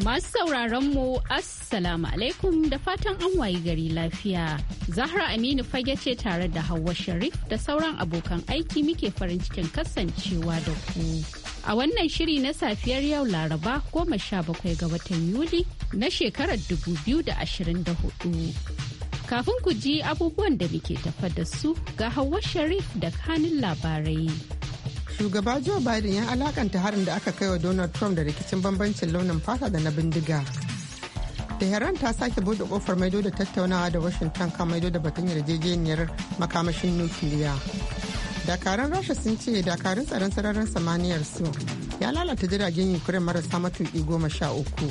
Masu sauraron mu Assalamu alaikum da fatan an wayi gari lafiya. Zahra Aminu fage ce tare da Hauwa Sharif da sauran abokan aiki muke farin cikin kasancewa da ku. A wannan shiri na safiyar yau Laraba goma sha bakwai ga watan Yuli na shekarar dubu biyu da ashirin da hudu. Kafin ku ji abubuwan da muke tafa da su ga Hauwa Sharif da kanin labarai. shugaba joe biden ya alakanta harin da aka kai wa donald trump da rikicin bambancin launin fata da na bindiga tehran ta sake bude kofar maido da tattaunawa da washington kan maido da batun yarjejeniyar makamashin nukiliya dakarun rasha sun ce dakarun tsaron sararin samaniyar su ya lalata jiragen ukraine marasa matuƙi goma sha uku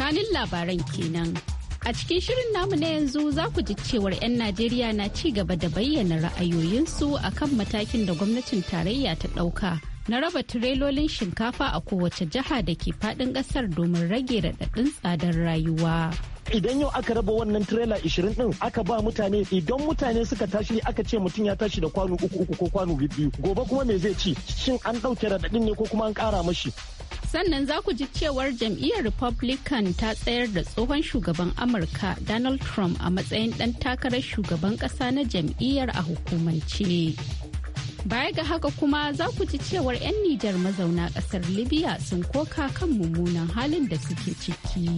kanin labaran kenan A cikin shirin namu na yanzu za ku ji cewar 'yan Najeriya na ci gaba da bayyana ra'ayoyinsu a kan matakin da gwamnatin tarayya ta ɗauka na raba tirelolin shinkafa a kowace jiha da ke faɗin ƙasar domin rage raɗaɗin tsadar rayuwa. idan yau aka raba wannan tirela 20 din aka ba mutane idan mutane suka tashi aka ce mutum ya tashi da kwano uku uku ko kwano biyu gobe kuma me zai ci shin an ɗauke raɗaɗin ne ko kuma an ƙara mashi sannan za ku ji cewar jam'iyyar republican ta tsayar da tsohon shugaban amurka donald trump a matsayin ɗan takarar shugaban ƙasa na jam'iyyar a hukumance baya ga haka kuma za ku ji cewar 'yan nijar mazauna ƙasar libya sun koka kan mummunan halin da suke ciki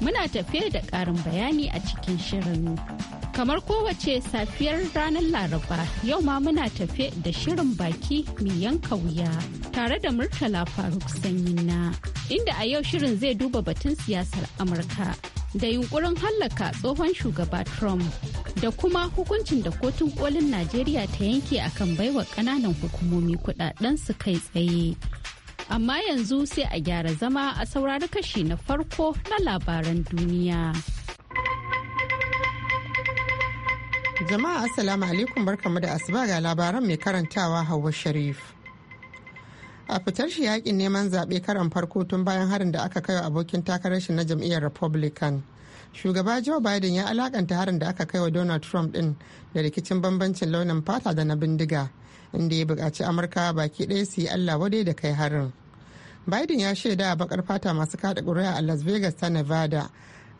muna tafe da ƙarin bayani a cikin shirin Kamar kowace safiyar ranar Laraba yau ma muna tafe da shirin baki mai yanka wuya tare da Murtala Faruk na inda a yau shirin zai duba batun siyasar Amurka da yunkurin hallaka tsohon shugaba Trump da kuma hukuncin da kotun kolin Najeriya ta yanke akan baiwa kananan hukumomi kudaden su kai tsaye. Amma yanzu sai a gyara zama a saurari kashi na farko na labaran duniya. Jama'a Assalamu alaikum barkamu da asuba ga labaran mai karantawa Hauwa Sharif. A fitar shi yakin neman zaɓe karan farko tun bayan harin da aka kai wa abokin takarar shi na jam'iyyar Republican. Shugaba Joe Biden ya alakanta harin da aka kai wa Donald Trump ɗin da rikicin bambancin launin fata da na bindiga, inda ya buƙaci Amurka baki ɗaya su yi Allah wadai da kai harin. Biden ya shaida a bakar fata masu kaɗa ƙuri'a a Las Vegas ta Nevada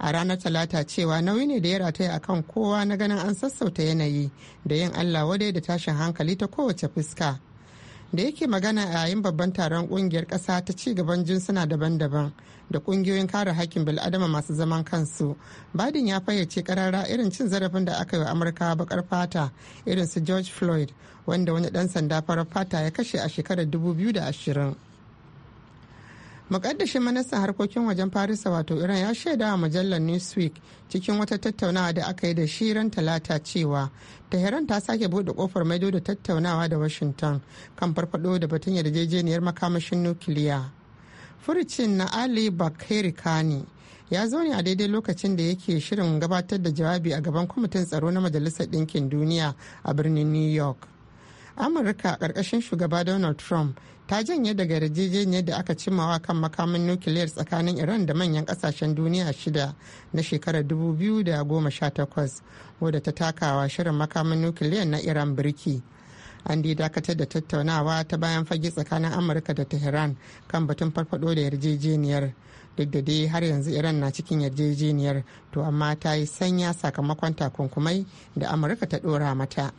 a ranar talata cewa nauyi ne da ya rataya akan kowa na ganin an sassauta yanayi da yin allah wadai da tashin hankali ta kowace fuska da yake magana a yayin babban taron kungiyar kasa ta ci gaban jinsuna daban-daban da kungiyoyin kare hakkin bil'adama masu zaman kansu badin ya fayyace karara irin cin zarafin da aka yi wa amurka bakar fata irin su george floyd wanda wani dan sanda farar fata ya kashe a shekarar 2020 Mukaddashin ministan harkokin wajen Farisa wato Iran ya shaida wa mujallar Newsweek cikin wata tattaunawa da aka yi da shirin talata cewa Tehran ta sake bude kofar maido da tattaunawa da Washington kan farfado da batun yarjejeniyar makamashin nukiliya. Furucin na Ali Bakari Kani ya zo ne a daidai lokacin da yake shirin gabatar da jawabi a gaban kwamitin tsaro na Majalisar Ɗinkin Duniya a birnin New York. amurka ƙarƙashin shugaba donald trump ta janye daga yarjejeniyar da aka cimawa kan makamin nukiliyar tsakanin iran da manyan ƙasashen duniya shida na shekarar 2018 wadda ta takawa shirin makamin nukiliyar na iran birki an dai dakatar da tattaunawa ta bayan fage tsakanin amurka da tehran kan batun farfado da yarjejeniyar duk da dai har yanzu iran na cikin yarjejeniyar to amma ta yi sanya sakamakon takunkumai da amurka ta dora mata.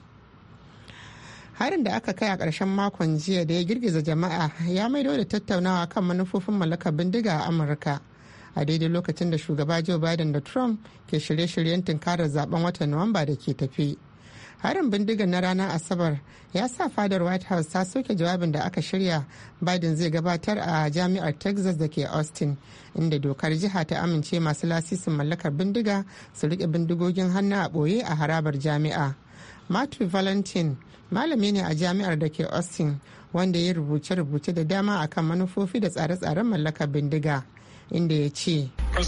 harin da aka kai a ƙarshen makon jiya da ya girgiza jama'a ya maido da tattaunawa kan manufofin mallakar bindiga a amurka a daidai lokacin da shugaba joe biden da trump ke shirye-shiryen tunkarar zaben watan nuwamba da ke tafi harin bindigar na ranar asabar ya sa fadar white house ta soke jawabin da aka shirya biden zai gabatar a jami'ar texas da ke austin inda dokar jiha ta amince masu lasisin mallakar bindiga su rike bindigogin hannu a ɓoye a harabar jami'a matthew valentine. malami ne a jami'ar da ke austin wanda ya rubuce-rubuce da dama akan manufofi da tsare-tsaren mallakar bindiga inda ya ce uh,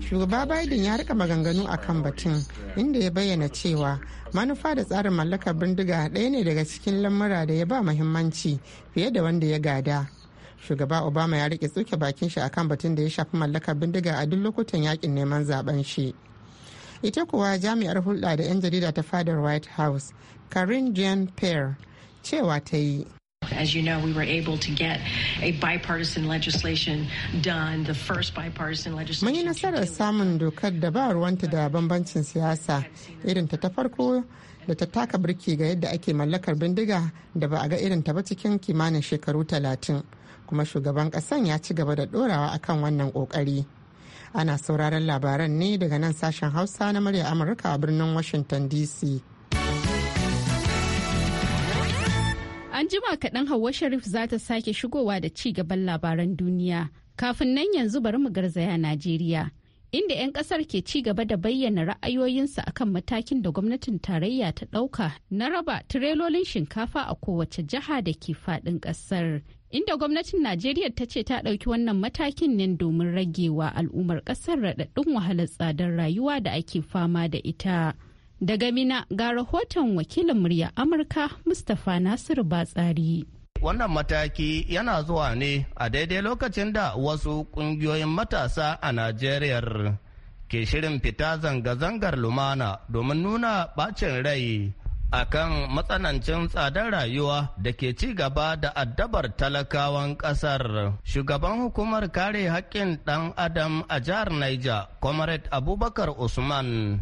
Shugaba Biden ya rika maganganu a batun inda ya bayyana cewa manufa da tsarin mallakar bindiga ɗaya ne daga cikin lamura da ya ba muhimmanci fiye da wanda ya gada. Shugaba Obama ya rike tsuke bakin shi akan batun da ya shafi mallakar bindiga a duk lokutan yakin neman zaben shi. ita kuwa jami'ar hulɗa da 'yan jarida ta fadar white house karin jean pair cewa ta yi As you know, we were able to get a bipartisan legislation done, the first bipartisan legislation. Mun yi nasarar samun dokar da ba ruwanta da bambancin siyasa irin ta ta farko da ta taka birki ga yadda ake mallakar bindiga da ba a ga irin ta ba cikin kimanin shekaru talatin. Kuma shugaban kasan ya ci gaba da dorawa akan wannan kokari. ana sauraron labaran ne daga nan sashen hausa na murya amurka a birnin washington dc an jima kaɗan hawa sharif za ta sake shigowa da ci gaban labaran duniya kafin nan yanzu bari mu garzaya najeriya inda 'yan kasar ke ci gaba da bayyana ra'ayoyinsu akan matakin da gwamnatin tarayya ta ɗauka na raba tirelolin shinkafa a kowace jiha da ke faɗin ƙasar inda gwamnatin najeriya ta ce ta ɗauki wannan matakin ne domin ragewa al'ummar ƙasar raɗaɗin wahalar tsadar rayuwa da ake fama da ita daga mina ga rahoton wakilin murya amurka mustapha nasiru batsari wannan mataki yana zuwa ne a daidai lokacin da wasu ƙungiyoyin matasa a najeriya ke shirin fita zanga-zangar lumana domin nuna bacin rai akan matsanancin tsadar rayuwa da ke ci gaba da addabar talakawan kasar. Shugaban hukumar kare hakkin ɗan Adam a jihar Niger, Comrade Abubakar Usman,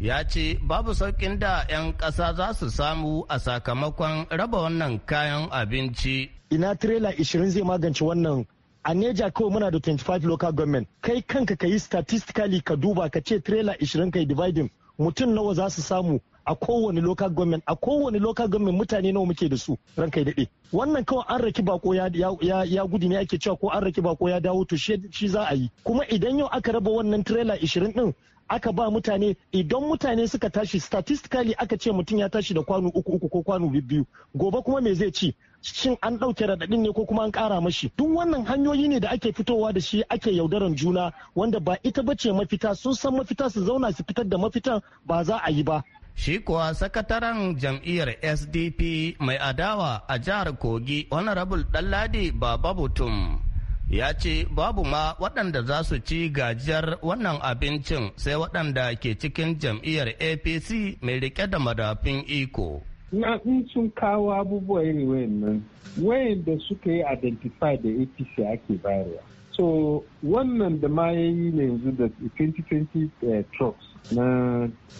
ya ce babu sauƙin da 'yan ƙasa za su samu a sakamakon raba wannan kayan abinci. Ina trela 20 zai magance wannan a neja kawai muna da 25 local government kai kanka ka yi statistically ka duba ka ce trela 20 kai dividing mutum nawa za su samu a kowane local government a kowane local government mutane nawa muke da su rankai daɗe wannan kawai an raki bako ya, ya, gudu ne ake cewa ko an raki bako ya dawo to shi za a yi kuma idan yau aka raba wannan trailer 20 din aka ba mutane idan mutane suka tashi statistically aka ce mutum ya tashi da kwano uku uku ko kwano biyu gobe kuma me zai ci shin an ɗauke raɗaɗin ne ko kuma an ƙara mashi duk wannan hanyoyi ne da ake fitowa da shi ake yaudaran juna wanda ba ita bace mafita sun san mafita su zauna su fitar da mafitan ba za a yi ba Shi kuwa sakataren jam'iyyar SDP mai adawa a jihar Kogi Honorable Ɗanladi Baba Butum ya ce babu ma waɗanda za su ci gajiyar wannan abincin sai waɗanda ke cikin jam'iyyar APC mai rike da madafin iko. na sun kawo abubuwa irin wayannan wayanda suka yi identify da apc ake bayarwa so wannan da ma ya yi yanzu da 2020 eh, trucks na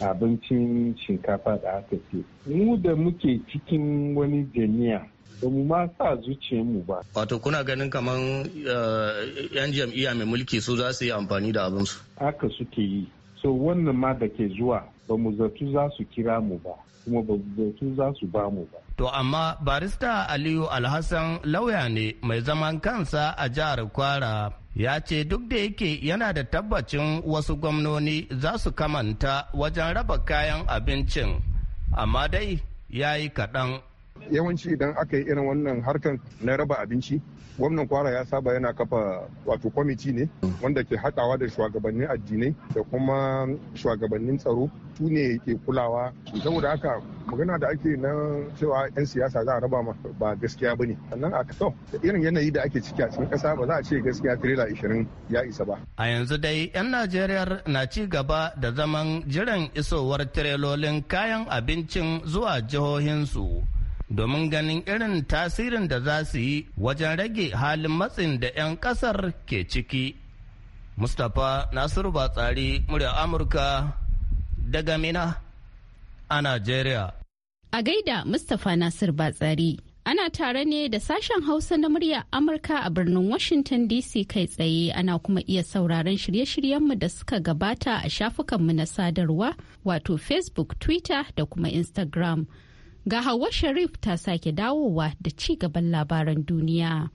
abincin shinkafa da aka ce mu da muke cikin wani jami'a ba mu ma sa mu ba wato kuna ganin kamar eh, yan jam'iyya mai mulki su za su yi amfani da abinsu haka suke yi so wannan ma da ke zuwa ba mu zatu za su kira mu ba kuma ba mu zatu za su ba mu ba To amma barista Aliyu Alhassan lauya ne mai zaman kansa a jihar Kwara ya ce duk da yake yana da tabbacin wasu gwamnoni za su kamanta wajen raba kayan abincin amma dai ya yi kaɗan yawanci idan aka yi irin wannan harkan na raba abinci gwamnan kwara ya saba yana kafa wato kwamiti ne wanda ke haɗawa da shugabannin addinai da kuma shugabannin tsaro su ne ke kulawa saboda haka magana da ake na cewa 'yan siyasa za a raba ma ba gaskiya ba ne sannan a kaso irin yanayi da ake ciki a cikin kasa ba za a ce gaskiya tirela 20 ya isa ba a yanzu dai 'yan najeriya na ci gaba da zaman jiran isowar tirelolin kayan abincin zuwa jihohinsu domin ganin irin tasirin da za su yi wajen rage halin matsin da 'yan kasar ke ciki. Mustapha Nasiru Batsari murya Amurka daga Mina a Najeriya. A gaida Mustapha Nasir Batsari ana tare ne da sashen Hausa na murya Amurka a birnin Washington DC kai tsaye ana kuma iya sauraron shirye-shiryenmu da suka gabata a shafukanmu na sadarwa wato Facebook, Twitter da kuma Instagram. Ga Hauwa Sharif ta sake dawowa da ci gaban labaran duniya.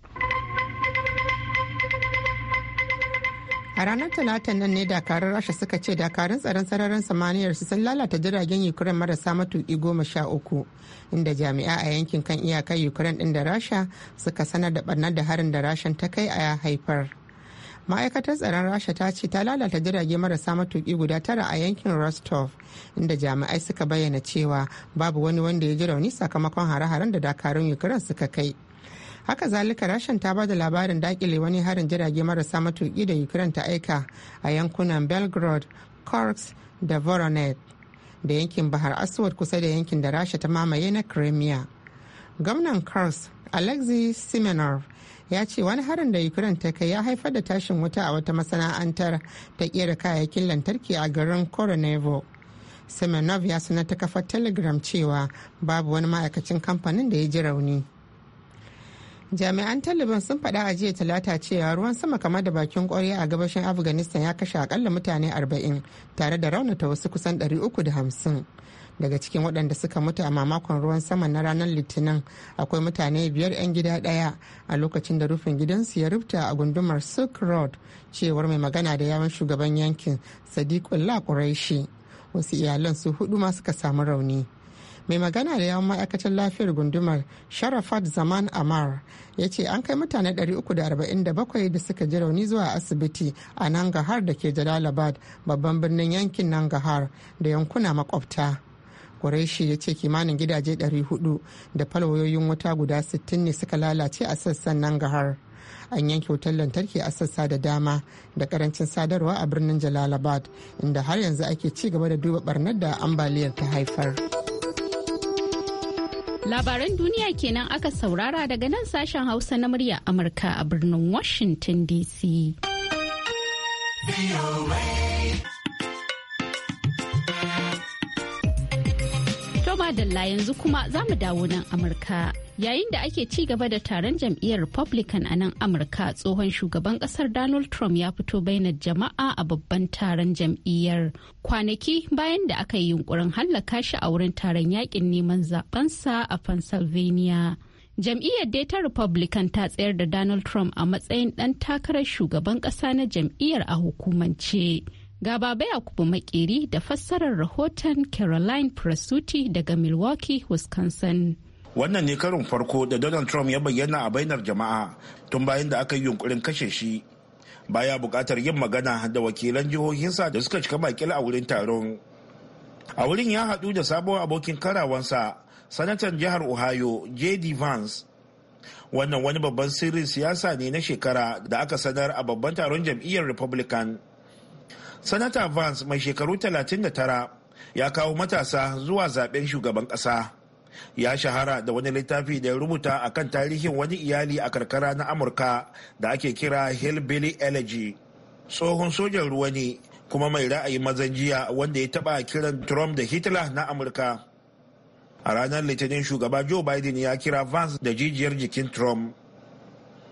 A ranar talata nan ne dakarun Rasha suka ce dakarun tsaron sararin samaniyar su sun lalata jiragen Ukraine marasa matuki goma sha uku, inda jami'a a yankin kan iyakar Ukraine ɗin da Rasha suka sanar da ɓarnar da harin da Rashan ta kai a haifar. ma'aikatar tsaron rasha ta ce ta lalata jirage marasa matuki guda tara a yankin rostov inda jami'ai suka bayyana cewa babu wani wanda ya ji rauni sakamakon hare-haren da dakarun ukraine suka kai haka zalika rashin ta bada labarin dakile wani harin jirage marasa matuki da ukraine ta aika a yankunan belgrade corks da voronet da yankin bahar aswad kusa da yankin da rasha ta mamaye na crimea gwamnan kars alexis semenov ya ce wani harin da ukraine ta kai ya haifar da tashin wuta a wata masana'antar ta kera kayayyakin lantarki a garin koronevo semenov ya sanar ta kafar telegram cewa babu wani ma'aikacin kamfanin da ya ji rauni jami'an taliban sun faɗa a jiya talata cewa ruwan sama kama da bakin ƙwarya a gabashin afghanistan ya kashe akalla mutane 40 tare da raunata wasu kusan 350 daga cikin waɗanda suka mutu a mamakon ruwan sama na ranar litinin akwai mutane biyar 'yan gida ɗaya a lokacin da rufin gidansu ya rufta a gundumar silk road cewar mai magana da yawan shugaban yankin sadiqullah quraishi wasu iyalan su hudu ma suka samu rauni mai magana da yawan ma'aikatar lafiyar gundumar sharafat zaman amar ya ce an kai mutane 347 da suka ji rauni zuwa asibiti a nangahar da ke jalalabad babban birnin yankin nangahar da yankuna makwabta Qureshi ya ce kimanin gidaje 400 da falwayoyin wuta guda 60 ne suka lalace a sassan nan gahar. an yanke wutar lantarki a sassa da dama da karancin sadarwa a birnin jalalabad inda har yanzu ake ci gaba da duba barnar da ambaliyar ta haifar labaran duniya kenan aka saurara daga nan sashen hausa na murya amurka a birnin washington dc madalla yanzu kuma za mu dawo nan Amurka. Yayin da ake ci gaba da taron jam'iyyar Republican a nan Amurka tsohon shugaban kasar Donald Trump ya fito bainar jama'a a babban taron jam'iyyar kwanaki bayan da aka yi yunkurin hallaka shi a wurin taron yakin neman zabensa a Pennsylvania. Jam'iyyar dai ta Republican ta tsayar da Donald Trump a matsayin ɗan takarar shugaban ƙasa na jam'iyyar a hukumance. Ga a kuma Makeri da fassarar rahoton Caroline Presuti daga Milwaukee, Wisconsin. Wannan ne karin farko da Donald Trump ya bayyana a bainar jama'a tun bayan da aka yi yunkurin kashe shi. Baya bukatar yin magana da wakilan jihohinsa da suka cika makil a wurin taron. A wurin ya haɗu da sabon abokin karawansa, sanatan jihar Ohio, J.D. Vance. Wannan wani babban sirrin siyasa ne na shekara da aka sanar a babban taron jam'iyyar Republican. sanata vance mai shekaru 39 ya kawo matasa zuwa zaben shugaban ƙasa ya shahara da wani littafi da ya rubuta a kan tarihin wani iyali a karkara na amurka da ake kira hillbilly elegy tsohon sojan ruwa ne kuma mai ra'ayin mazan jiya wanda ya taba kiran trump da hitler na amurka a ranar litinin shugaba joe biden ya kira vance da jijiyar jikin trump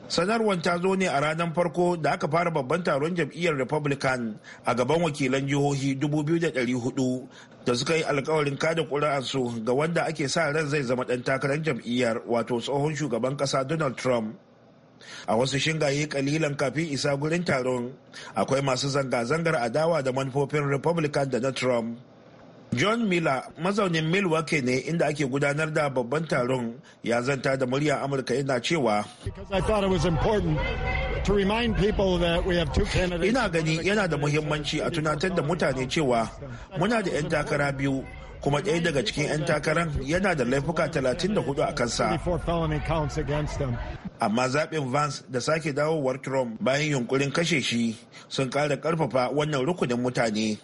sanarwar ta zo ne a ranar farko da aka fara babban taron jam'iyyar republican a gaban wakilan jihohi 2,400 da suka yi alkawarin kada ƙuri'arsu ga wanda ake sa ran zai zama ɗan takarar jam'iyyar wato tsohon shugaban ƙasa donald trump a wasu shingaye kalilan kafin isa gurin taron akwai masu zanga-zangar adawa da manufofin republican da na trump John Miller mazaunin Milwaukee ne inda ake gudanar da babban taron ya zanta da murya Amurka yana cewa. Ina gani yana da muhimmanci a tunatar da mutane cewa muna da 'yan takara biyu kuma ɗaya daga cikin 'yan takaran yana da laifuka 34 a kansa. Amma zaɓin Vance da sake dawowar Trump bayan yunkurin kashe shi sun ƙara ƙarfafa wannan rukunin mutane.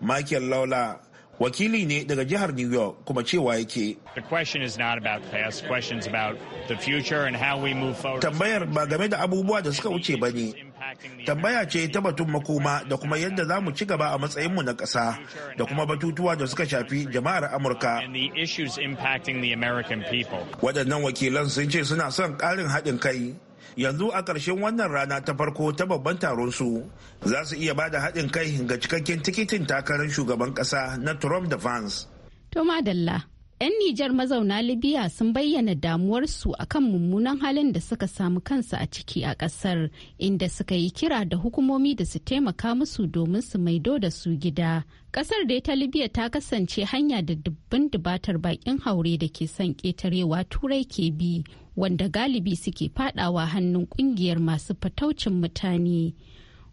Michael Lawler wakili ne daga jihar New York kuma cewa yake. Tambayar ba game da abubuwa da suka wuce ba ne. Tambaya ce ta batun makoma da kuma yadda za mu ci gaba a matsayinmu na ƙasa da kuma batutuwa da suka shafi jama'ar Amurka. Waɗannan wakilan sun ce suna son ƙarin haɗin kai yanzu a ƙarshen wannan rana ta farko ta babban taron su za su iya bada haɗin kai ga cikakken tikitin takarar shugaban ƙasa na Trump da Vance. To madalla, 'yan Nijar mazauna Libya sun bayyana damuwarsu akan mummunan halin da suka samu kansu a ciki a ƙasar, inda suka yi kira da hukumomi da su taimaka musu domin su maido da su gida. Ƙasar dai ta Libya ta kasance hanya da dubban dubatar bakin haure da ke son ƙetarewa turai ke bi. wanda galibi suke fadawa hannun kungiyar masu fataucin mutane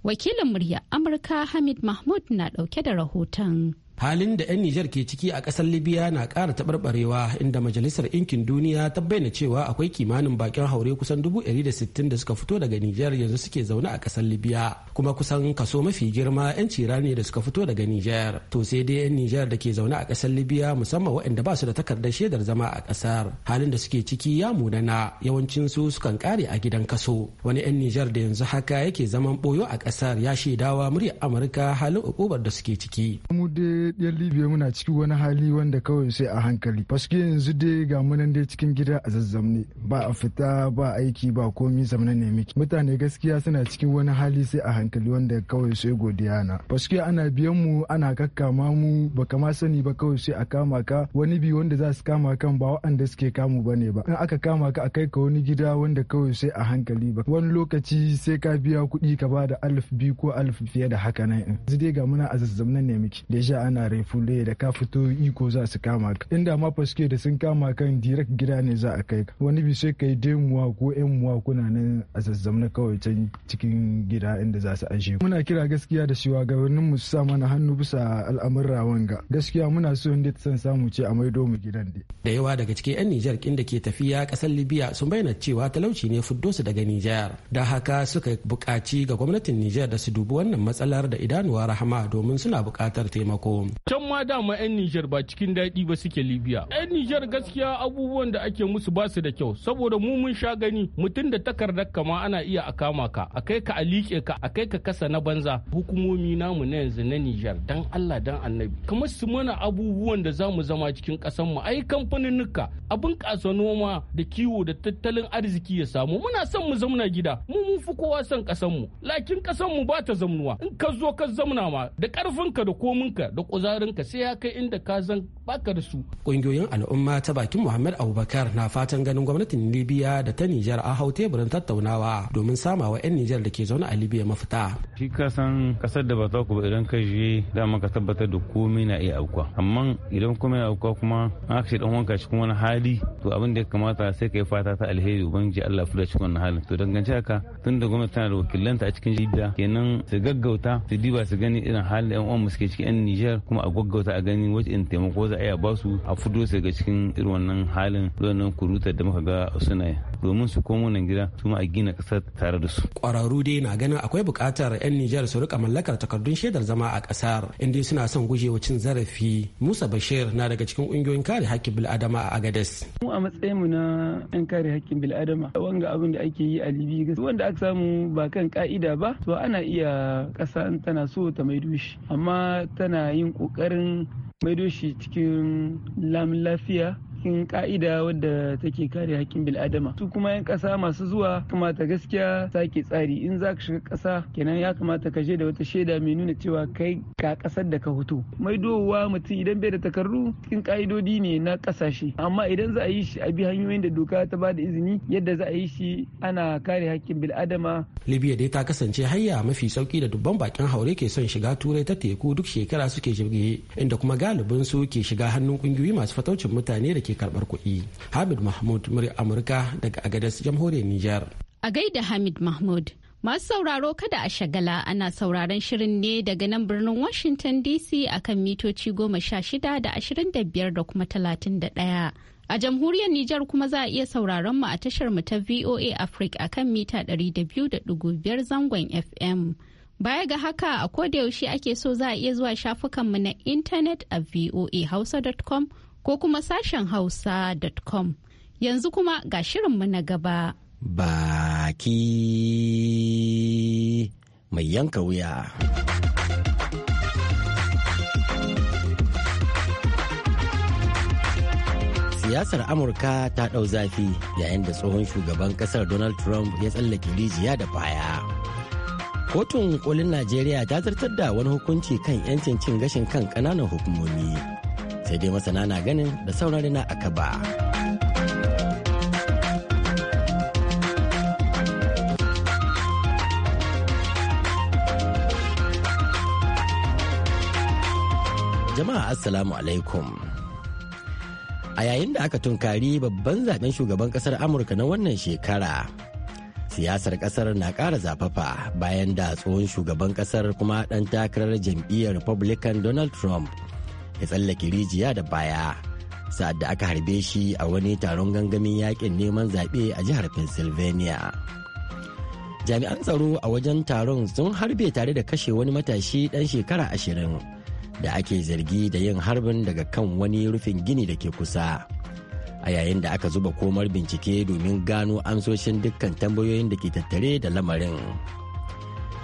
wakilin murya amurka hamid mahmud na dauke da rahoton halin da 'yan Nijar ke ciki a ƙasar Libya na ƙara taɓarɓarewa inda Majalisar ɗinkin Duniya ta bayyana cewa akwai kimanin baƙin haure kusan 160 da suka fito daga Nijar yanzu suke zaune a ƙasar Libya kuma kusan kaso mafi girma 'yan cira ne da suka fito daga Nijar. To sai dai 'yan Nijar da ke zaune a ƙasar Libya musamman waɗanda ba su da takardar shaidar zama a ƙasar. Halin da suke ciki ya munana yawancin su sukan kare a gidan kaso. Wani 'yan Nijar da yanzu haka yake zaman ɓoyo a ƙasar ya shaidawa muryar Amurka halin ukubar da suke ciki. diyar libya muna cikin wani hali wanda kawai sai a hankali paske yanzu dai ga munan dai cikin gida a zazzamne ba a fita ba aiki ba komi zamanin ne miki mutane gaskiya suna cikin wani hali sai a hankali wanda kawai sai godiya na paske ana biyan mu ana kakkama mu ba kama sani ba kawai sai a kama ka wani bi wanda za su kama kan ba waɗanda suke kamu ba ne ba in aka kama ka a kai ka wani gida wanda kawai sai a hankali ba wani lokaci sai ka biya kuɗi ka ba da alif biyu ko alif fiye da haka nan yanzu dai ga muna a zazzamne ne miki da ana refule da ka fito iko za su kama ka inda ma faske da sun kama kan direct gida ne za a kai ka wani bi sai kai demuwa ko yan muwa kuna nan a na kawai can cikin gida inda za su aje muna kira gaskiya da shugabannin mu sa mana hannu bisa al'amurra wanga gaskiya muna so inda ta san samu ce a maido mu gidan dai da yawa daga cikin yan Nijar kin da ke tafiya kasar Libya sun bayyana cewa talauci ne fuddo su daga Nijar da haka suka buƙaci ga gwamnatin Nijar da su dubi wannan matsalar da idanuwa rahama domin suna buƙatar taimako can ma dama yan nijar ba cikin daɗi ba suke libya yan nijar gaskiya abubuwan da ake musu ba su da kyau saboda mu mun sha gani mutum da takardar kama ana iya a kama ka a kai ka a liƙe ka a kai ka kasa na banza hukumomi namu na yanzu na nijar dan allah dan annabi kamar su mana abubuwan da za mu zama cikin ƙasar mu ai kamfaninnuka abin kasa noma da kiwo da tattalin arziki ya samu muna son mu zauna gida mu mun fi kowa son ƙasar mu lakin ƙasar mu ba ta zamnuwa in ka zo ka zamna ma da ƙarfinka da kominka da kuzarinka sai ya kai inda ka zan baka da su kungiyoyin al'umma ta bakin muhammad abubakar na fatan ganin gwamnatin libya da ta nijar a hau teburin tattaunawa domin samawa 'yan nijar da ke zaune a libya mafita shi ka san kasar da ba za ku ba idan ka je dama ka tabbatar da komai na iya aukuwa amma idan komai na aukuwa kuma an aka ce dan wanka cikin wani hali to abin da ya kamata sai ka yi fata ta alheri ubangiji allah fura cikin wani halin to dangance haka tun da gwamnati tana da wakilanta a cikin libya kenan su gaggauta su diba su gani irin halin 'yan uwan suke cikin 'yan nijar kuma a gaggauta a gani wacce in taimako za a iya basu a fito su daga cikin irin wannan halin wannan kuruta da muka ga suna domin su komo nan gida su a gina kasar tare da su. Kwararru dai na ganin akwai bukatar 'yan Nijar su rika mallakar takardun shaidar zama a kasar inda suna son gujewa cin zarafi. Musa Bashir na daga cikin ƙungiyoyin kare haƙƙin bil'adama a Agades. Mu a matsayin mu na 'yan kare haƙƙin bil'adama wanga abin da ake yi a Libi wanda aka samu ba kan ka'ida ba to ana iya ƙasa tana so ta maido shi amma tana yin kokarin maido shi cikin lam lafiya cikin ka'ida wadda take kare hakkin bil'adama su kuma 'yan ƙasa masu zuwa kamata gaskiya sake tsari in za ka shiga kasa kenan ya kamata ka je da wata shaida mai nuna cewa kai ka ƙasar da ka mai dowa mutum idan bai da takardu cikin ka'idodi ne na kasashe amma idan za a yi shi a bi hanyoyin da doka ta ba da izini yadda za a yi shi ana kare hakkin bil'adama. libya dai ta kasance hayya mafi sauki da dubban bakin haure ke son shiga turai ta teku duk shekara suke jirgi inda kuma galibin su ke shiga hannun kungiyoyi masu fataucin mutane da ke karbar kuɗi. Hamid Mahmud murya Amurka daga Agadez jamhuriyar Nijar. A gaida Hamid Mahmud. Masu sauraro kada a shagala ana sauraron shirin ne daga nan birnin Washington DC akan mitoci goma sha shida da ashirin da biyar da kuma talatin da ɗaya. A jamhuriyar Nijar kuma za a iya sauraron mu a tashar mu ta VOA Africa akan mita ɗari da biyu da ɗigo biyar zangon FM. Baya ga haka a koda yaushe ake so za a iya zuwa shafukanmu na intanet a voahausa.com ko kuma sashen hausa.com yanzu kuma ga shirinmu na gaba. Baki mai yanka wuya. siyasar amurka ta ɗau zafi yayin da tsohon shugaban ƙasar donald trump ya tsallake rijiya da baya kotun kolin najeriya ta zartar da wani hukunci kan 'yancin cin gashin kan ƙananan hukumomi sai dai masana na ganin da saurari na aka ba. Jama'a Assalamu alaikum. A yayin da aka tunkari babban zaben shugaban kasar Amurka na wannan shekara, siyasar kasar na ƙara zafafa bayan da tsohon shugaban kasar kuma ɗan takarar jam'iyyar Republican Donald Trump ya tsallake rijiya da baya sa'ad da aka harbe shi a wani taron gangamin yakin neman zaɓe a jihar pennsylvania jami'an tsaro a wajen taron sun harbe tare da kashe wani matashi ɗan shekara ashirin da ake zargi da yin harbin daga kan wani rufin gini da ke kusa a yayin da aka zuba komar bincike domin gano amsoshin dukkan tambayoyin da ke tattare da lamarin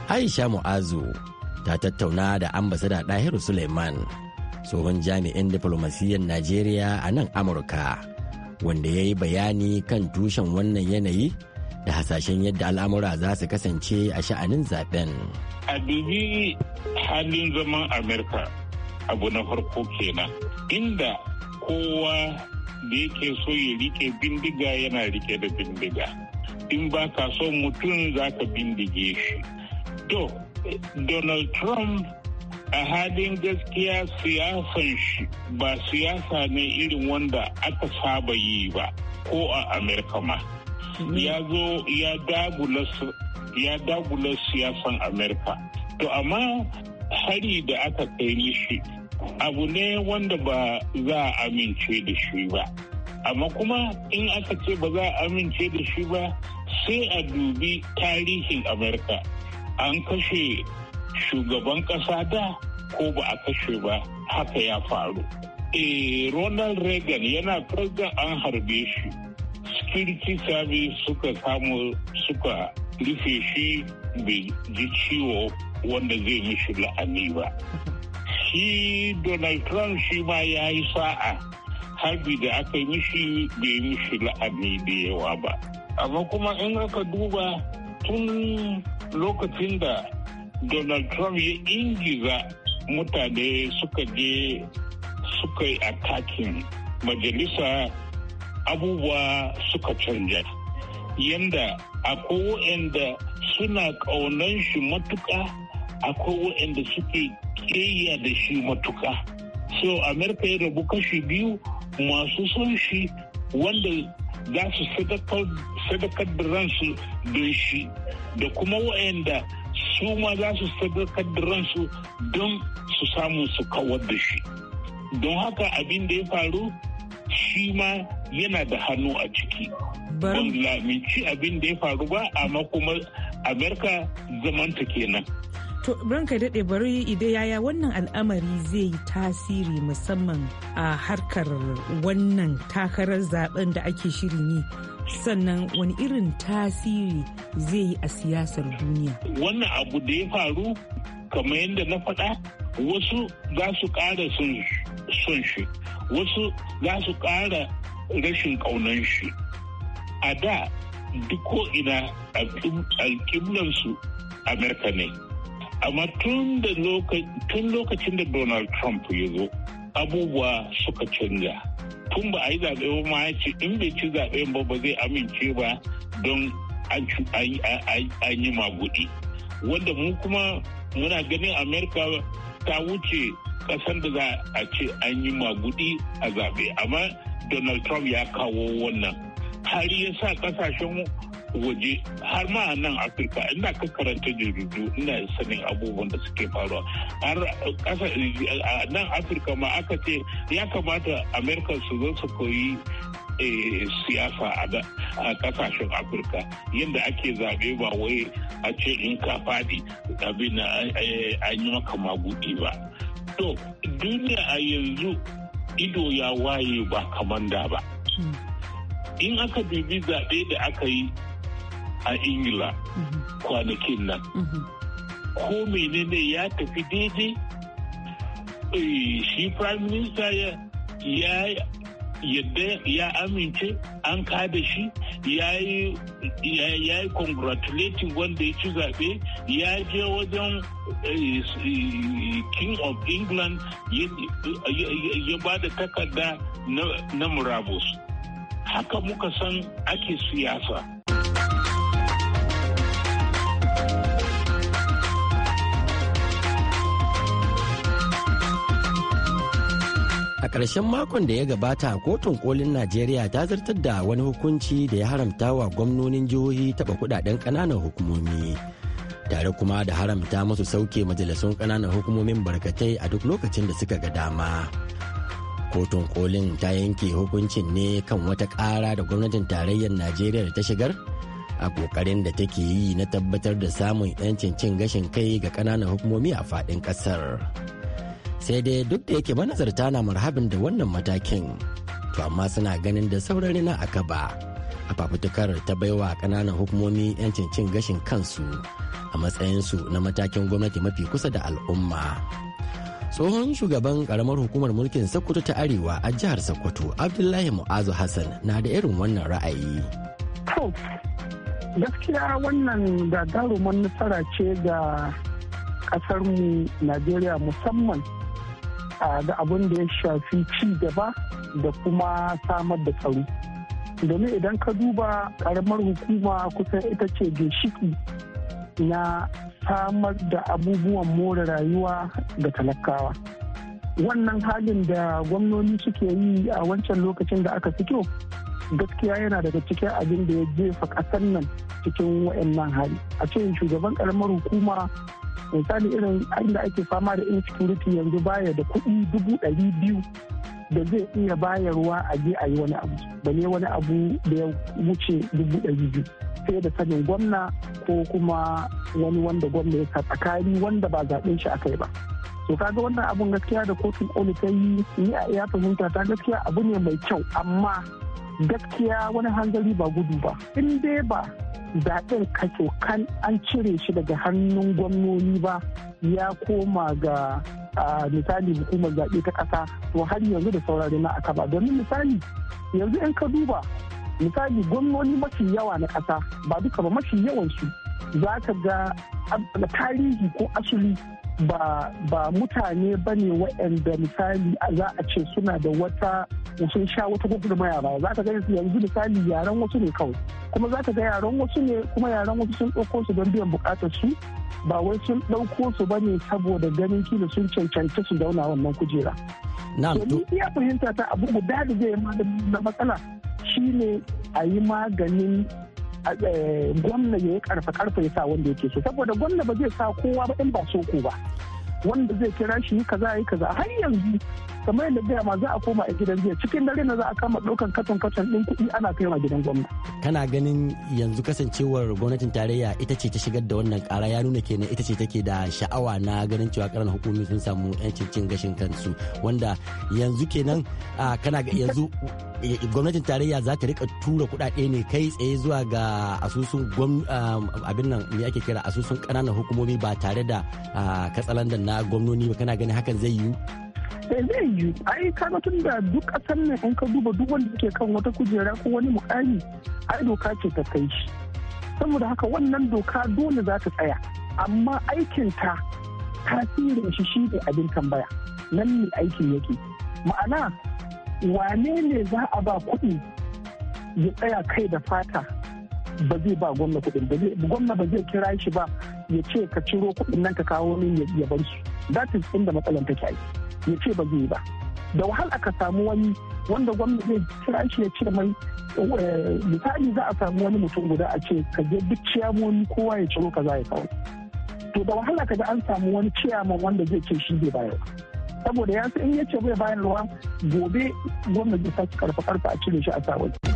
aisha mu'azu ta tattauna da ambasada ɗahiru suleiman tsohon jami'in diflomasiyyar najeriya a nan amurka wanda ya yi bayani kan tushen wannan yanayi da hasashen yadda al'amura za su kasance a sha'anin zaben. A dubi halin zaman Amurka, abu na farko kenan inda kowa da yake so ya rike bindiga yana rike da bindiga. In ba ka so mutum za ka bindige shi. Donald Trump a halin gaskiya siyasan shi ba siyasa ne irin wanda aka saba yi ba ko a amerika ma ya zo ya dagula siyasan amerika to amma hari da aka kai shi abu ne wanda ba za a amince da shi ba amma kuma in aka ce ba za a amince da shi ba sai a dubi tarihin amerika an kashe shugaban ƙasa da ko ba a kashe ba haka ya faru. E Ronald Reagan yana farga an harbe shi. Security Service suka kamo suka rufe shi bai ji ciwo wanda zai mishi la'ani ba. Shi Donald Trump shi ma ya yi sa'a harbi da aka yi mishi bai mishi la'ani da yawa ba. Amma kuma in aka duba tun lokacin da donald trump ya ingiza mutane suka je suka yi takin majalisa abubuwa suka canja yanda akwai wa'anda suna ƙaunan shi matuka akwai wa'anda suke ƙeya da shi matuka so amerika ya rabu kashi biyu masu son shi wanda za su sadakar da ransu don shi da kuma wa'anda su ma za su sadaukar da ransu don su samu su kawar da shi don haka abin da ya faru shi ma yana da hannu a ciki ban laminci abin da ya faru ba amma kuma amerika zamanta kenan To ranka daɗe bari ide yaya wannan al'amari zai yi tasiri musamman a harkar wannan takarar zaben da ake shirin yi sannan wani irin tasiri zai yi a siyasar duniya wannan abu da ya faru kamar yadda na faɗa wasu za su ƙara son shi wasu za su ƙara rashin ƙaunan shi a da duk ko'ina su amurka ne amma tun lokacin da donald trump ya zo abubuwa suka canja tun ba a yi zaɓe ba ma ya ce in bai ci zaɓen ba ba zai amince ba don an yi magudi wanda mu kuma muna ganin amerika ta wuce ƙasar da za a ce an yi magudi a zaɓe amma donald trump ya kawo wannan har ya sa ƙasashen waje har ma a nan afirka ina ka karanta jaridu ina sanin abubuwan da suke faruwa har kasa nan afirka ma aka ce ya kamata amerika su zo su koyi eh, siyasa a kasashen afirka yadda ake zaɓe ba wai a ce in ka faɗi abin eh, an yi maka magudi ba to duniya a yanzu ido ya waye ba kamar da ba hmm. in aka dubi zaɓe da aka yi a ingila kwanakin nan ko menene ya tafi daidai eh, shi prime minister ya yadda ya amince an kada shi ya yi congratulating wanda ya ci zaɓe ya je wajen eh, king of england ya ba da takarda na murabus haka muka san ake siyasa Karshen makon da ya gabata kotun kolin Najeriya ta zartar da wani hukunci da ya haramta wa gwamnonin jihohi taɓa kudaden ƙananan hukumomi. Tare kuma da haramta masu sauke majalisun ƙananan hukumomin barkatai a duk lokacin da suka ga dama. kotun kolin ta yanke hukuncin ne kan wata ƙara da gwamnatin tarayyar najeriya da ta shigar a ƙoƙarin da take yi na tabbatar da samun 'yancin cin gashin kai ga ƙananan hukumomi a faɗin ƙasar. sai dai duk da yake manazarta na marhabin da wannan matakin to amma suna ganin da saurari na a kaba a fafutukar ta baiwa kananan hukumomi 'yancin cin gashin kansu a matsayinsu na matakin gwamnati mafi kusa da al'umma tsohon shugaban karamar hukumar mulkin sokoto ta arewa a jihar sokoto abdullahi mu'azu hassan na da irin wannan ra'ayi gaskiya wannan gagarumar nasara ce ga kasarmu najeriya musamman da abin da ya shafi ci gaba da kuma samar da tsaro domin idan ka duba karamar hukuma kusan ita ce ginshiki na samar da abubuwan more rayuwa ga talakawa wannan halin da gwamnoni suke yi a wancan lokacin da aka fito gaskiya yana daga cikin abin da ya jefa ƙasar nan cikin wa'annan hali a ce shugaban karamar hukuma misali irin inda ake fama da insecurity yanzu baya da kuɗi dubu ɗari biyu da zai iya bayarwa a je a yi wani abu ne wani abu da ya wuce dubu ɗari biyu sai da sanin gwamna ko kuma wani wanda gwamna ya sa tsakani wanda ba zaɓen shi akai ba to kaga wannan abun gaskiya da kotun koli ta yi ni a iya fahimta ta gaskiya abu ne mai kyau amma gaskiya wani hanzari ba gudu ba in dai ba zaɓen kato kan an cire shi daga hannun gwamnoni ba ya koma ga misali hukumar zaɓe ta ƙasa to har yanzu da saurari na aka ba domin misali yanzu in ka duba misali gwamnoni mafi yawa na ƙasa ba duka ba mafi yawansu za ka ga tarihi ko asali ba mutane ba ne waɗanda misali za a ce suna da wata sun sha wata gwagwarmaya ba za ka gani yanzu misali yaren wasu ne kawai kuma za ka ga yaran wasu ne kuma yaran wasu sun ɗauko su don biyan buƙatar su ba wai sun ɗauko su ba ne saboda ganin kila sun cancanci su zauna wannan kujera. Na iya fahimta ta abu guda da zai ma matsala shine a yi maganin Eh, gwamna ya yi karfe karfe ya sa wanda yake so saboda gwamna ba zai sa kowa ba in ba so ko ba wanda zai kira shi kaza yi kaza har yanzu kamar yadda gaya ma za a koma a gidan jiya cikin dare na za a kama ɗaukan katon katon ɗin kuɗi ana kaiwa gidan gwamnati. kana ganin yanzu kasancewar gwamnatin tarayya ita ce ta shigar da wannan kara ya nuna kenan ita ce take da sha'awa na ganin cewa ƙaran hukumi sun samu yancin cin gashin kansu wanda yanzu kenan kana ga yanzu eh, gwamnatin tarayya za ta rika tura kuɗaɗe ne kai tsaye zuwa ga asusun um, abin nan me ake kira asusun ƙananan hukumomi ba tare da katsalandan na gwamnoni ba kana ganin hakan zai yiwu eh, zai yiwu ai kaga tun da duk ƙasar nan in ka duba duk wanda yake kan wata kujera ko wani mukami ai doka ce ta kai shi saboda haka wannan doka dole za ta tsaya amma aikin ta tasirin shi shi ne abin tambaya nan ne aikin yake ma'ana wane ne za a ba kuɗi ya tsaya kai da fata ba zai ba gwamna kuɗin gwamna ba zai kira shi ba ya ce ka ciro kuɗin nan ka kawo min ya bar su that is inda matsalan take yi ya ce ba zai ba da wahala ka samu wani wanda gwamnati zai kira shi ya cire mai eh, misali za a samu wani mutum guda a ce ka je duk ciyamomi kowa ya ciro za ya kawo to da wahala ka ga an samu wani ciyaman wanda zai ce shi zai bayar saboda ya san in ya ce bai bayarwa gobe gwamnati ta sake karfa karfa a cire shi a sa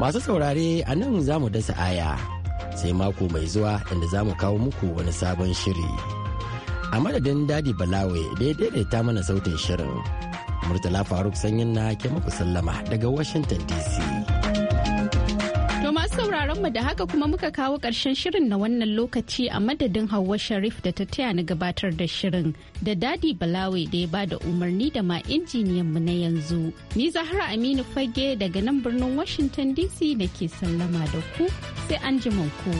Masu saurare a nan za mu dasa aya sai mako mai zuwa inda za mu kawo muku wani sabon shiri. A madadin Dadi Balawe da ya daidaita mana sautin shirin. Murtala Faruk Sanyin na ke muku sallama daga Washington DC. sauraron mu da haka kuma muka kawo ƙarshen shirin na wannan lokaci a madadin Hauwa Sharif da ta taya ni gabatar da shirin da Dadi Balawe da ya ba da umarni da ma injiniyan mu na yanzu. Ni Zahra Aminu Fage daga nan birnin Washington DC nake sallama da ku sai an ku.